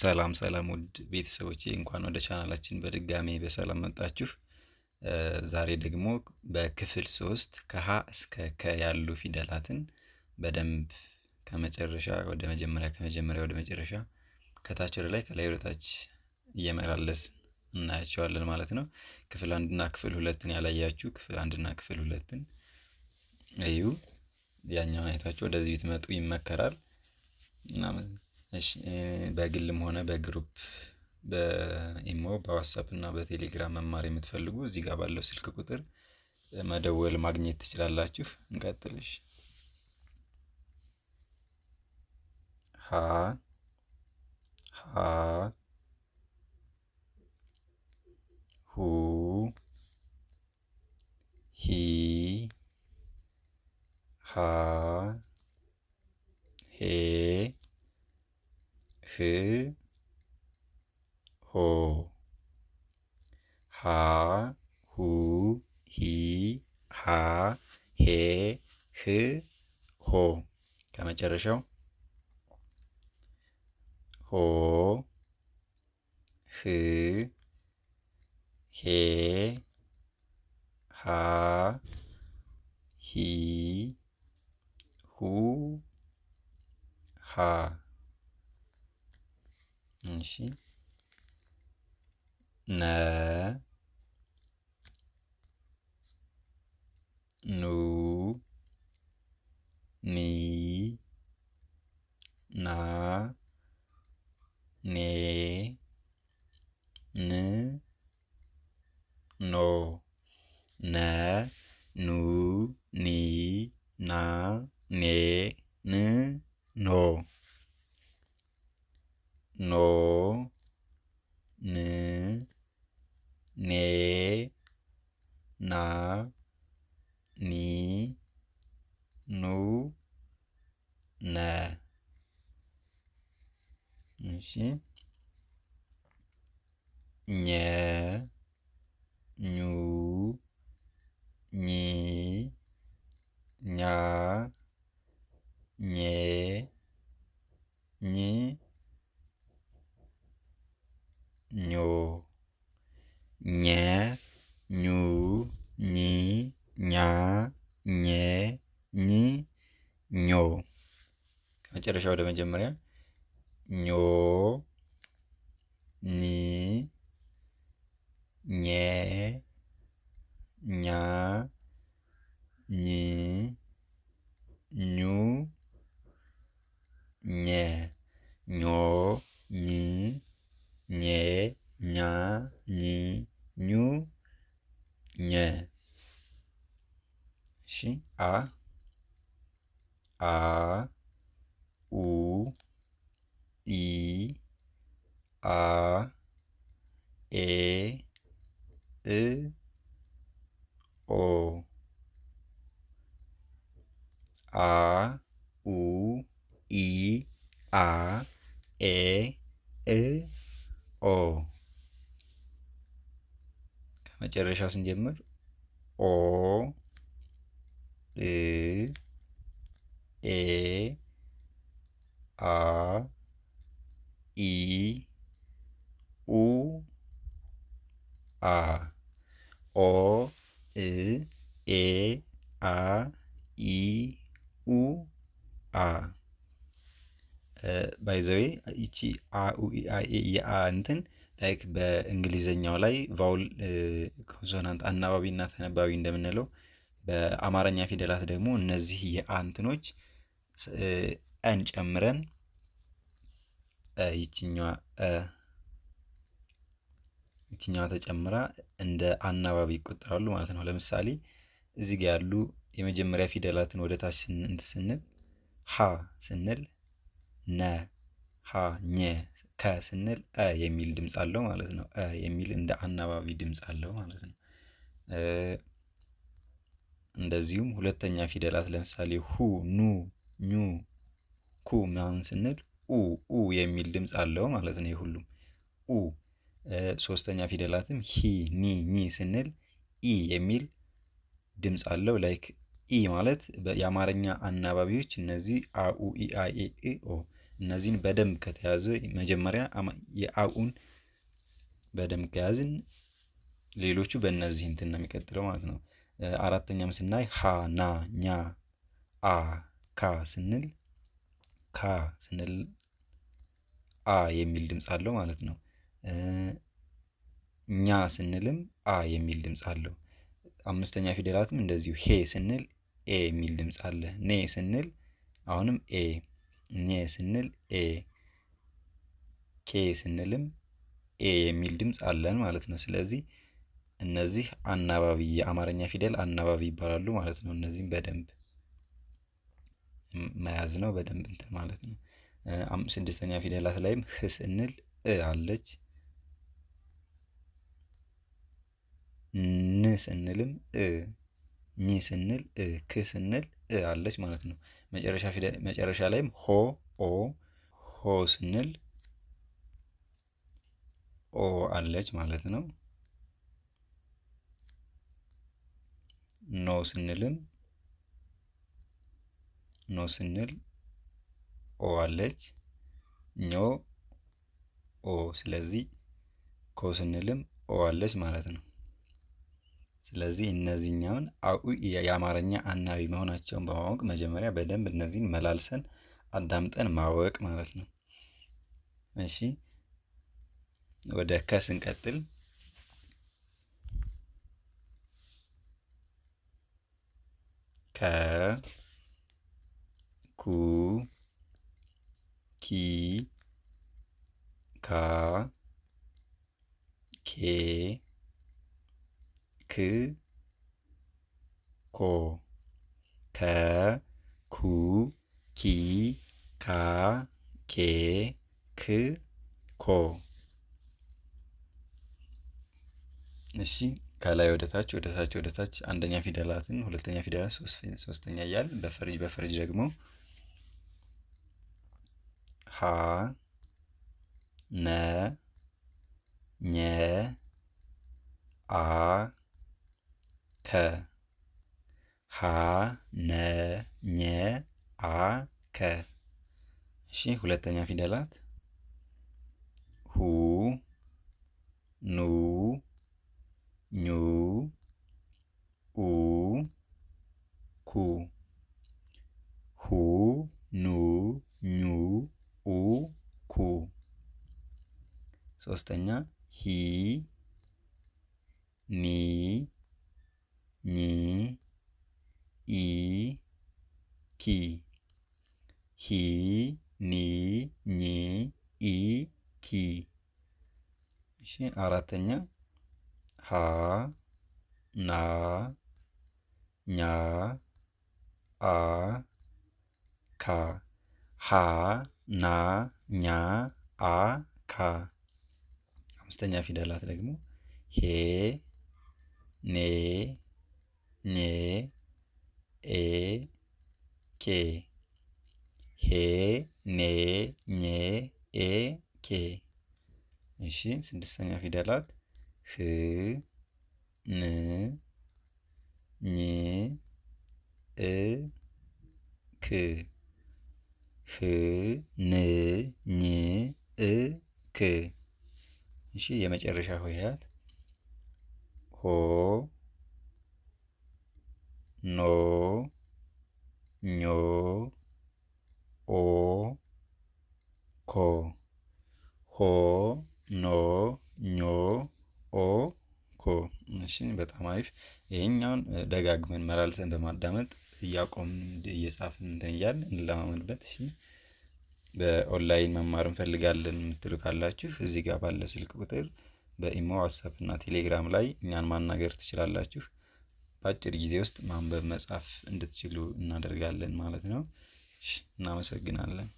ሰላም ሰላም ውድ ቤተሰቦች እንኳን ወደ ቻናላችን በድጋሜ በሰላም መጣችሁ። ዛሬ ደግሞ በክፍል ሶስት ከሀ እስከ ከ ያሉ ፊደላትን በደንብ ከመጨረሻ ወደ መጀመሪያ ከመጀመሪያ ወደ መጨረሻ ከታች ወደ ላይ ከላይ ወደታች እየመላለስ እናያቸዋለን ማለት ነው። ክፍል አንድና ክፍል ሁለትን ያላያችሁ ክፍል አንድና ክፍል ሁለትን እዩ። ያኛውን አይታችሁ ወደዚህ ብትመጡ ይመከራል። በግልም ሆነ በግሩፕ በኢሞ በዋትሳፕ እና በቴሌግራም መማር የምትፈልጉ እዚህ ጋር ባለው ስልክ ቁጥር መደወል ማግኘት ትችላላችሁ። እንቀጥልሽ ሀ ሀ ሁ ሂ ሃ ሀ ሄ ህ ሆ ከመጨረሻው ሆ ህ ሄ ሃ ሂ ሁ ሃ እሺ ነ ኑ ኒ ና ኔ መጨረሻ ወደ መጀመሪያ ኞ ኒ ኘ ኛ ኝ ኙ ኘ ኞ ኝ ኘ ኛ ኝ ኙ ኘ። እሺ አ ኢ አ ኤ እ ኦ አ ኡ ኢ አ ኤ እ ኦ ከመጨረሻ ስንጀምር ኦ እ ኤ አ ኢ ኡ አ ኦ እ ኤ አ ኢ ኡ አ ባይዘዌ ይቺ አ ኡ ኢ አ ኤ የአ እንትን ላይክ በእንግሊዘኛው ላይ ቫውል ኮንሶናንት አናባቢ እና ተነባቢ እንደምንለው በአማርኛ ፊደላት ደግሞ እነዚህ የአ እንትኖች አን eh, ጨምረን ይችኛዋ ይችኛዋ ተጨምራ እንደ አናባቢ ይቆጠራሉ ማለት ነው። ለምሳሌ እዚህ ጋ ያሉ የመጀመሪያ ፊደላትን ወደ ታች እንትን ስንል ሀ ስንል ነ ሀ ኘ ከ ስንል እ የሚል ድምፅ አለው ማለት ነው። እ የሚል እንደ አናባቢ ድምፅ አለው ማለት ነው። እንደዚሁም ሁለተኛ ፊደላት ለምሳሌ ሁ፣ ኑ፣ ኙ፣ ኩ ምናምን ስንል ኡ ኡ የሚል ድምፅ አለው ማለት ነው። የሁሉም ኡ። ሶስተኛ ፊደላትም ሂ፣ ኒ፣ ኒ ስንል ኢ የሚል ድምፅ አለው። ላይክ ኢ ማለት የአማርኛ አናባቢዎች እነዚህ አኡ፣ ኢ፣ አ፣ ኤ፣ ኦ እነዚህን በደንብ ከተያዘ መጀመሪያ የአኡን በደንብ ከያዝን ሌሎቹ በእነዚህ እንትን ነው የሚቀጥለው ማለት ነው። አራተኛም ስናይ ሀ ና ኛ አ ካ ስንል ካ ስንል አ የሚል ድምፅ አለው ማለት ነው። ኛ ስንልም አ የሚል ድምፅ አለው። አምስተኛ ፊደላትም እንደዚሁ ሄ ስንል ኤ የሚል ድምፅ አለ። ኔ ስንል አሁንም ኤ፣ ኔ ስንል ኤ፣ ኬ ስንልም ኤ የሚል ድምፅ አለን ማለት ነው። ስለዚህ እነዚህ አናባቢ የአማርኛ ፊደል አናባቢ ይባላሉ ማለት ነው። እነዚህም በደንብ መያዝ ነው፣ በደንብ እንትን ማለት ነው። ስድስተኛ ፊደላት ላይም ህ ስንል እ አለች። ን ስንልም እ ኝ ስንል እ ክ ስንል እ አለች ማለት ነው። መጨረሻ ላይም ሆ ኦ ሆ ስንል ኦ አለች ማለት ነው። ኖ ስንልም ኖ ስንል ኦ አለች ኞ ኦ። ስለዚህ ኮ ስንልም ኦ አለች ማለት ነው። ስለዚህ እነዚህኛውን አኡ የአማርኛ አናዊ መሆናቸውን በማወቅ መጀመሪያ በደንብ እነዚህን መላልሰን አዳምጠን ማወቅ ማለት ነው። እሺ ወደ ከ ስንቀጥል ከ ኩ ኪ ካ ኬ ክ ኮ ከ ኩ ኪ ካ ኬ ክ ኮ። እሺ ከላይ ወደታች ወደታች ወደታች አንደኛ ፊደላትን ሁለተኛ ፊደላት ሶስተኛ እያል በፈርጅ በፈርጅ ደግሞ ነ ኘ አ ከ ሀ ነ ኘ አ ከ። እሺ ሁለተኛ ፊደላት ሁ ኑ ኙ ኡ ኩ ሁ ኑ ኙ ኡ ኩ። ሶስተኛ ሂ ኒ ኒ ኢ ኪ ሂ ኒ ኒ ኢ ኪ። እሺ አራተኛ ሀ ና ኛ አ ካ ሀ ና ኛ አ ካ። አምስተኛ ፊደላት ደግሞ ሄ ኔ ኔ ኤ ኬ ሄ ኔ ኜ ኤ ኬ። እሺ ስድስተኛ ፊደላት ህ ን ኝ እ ክ ህ ን ኝ እ ክ እሺ የመጨረሻ ሆሄያት ሆ ኖ ኞ ኦ ኮ ሆ ኖ ኞ ኦ ኮ። እሺ በጣም አሪፍ። ይሄኛውን ደጋግመን መላልሰን በማዳመጥ እያቆምን እየጻፍን እንትን እያልን እንለማመድበት። እሺ በኦንላይን መማር እንፈልጋለን የምትሉ ካላችሁ እዚህ ጋር ባለ ስልክ ቁጥር በኢሞ ዋትሳፕ እና ቴሌግራም ላይ እኛን ማናገር ትችላላችሁ። በአጭር ጊዜ ውስጥ ማንበብ መጻፍ እንድትችሉ እናደርጋለን ማለት ነው። እናመሰግናለን።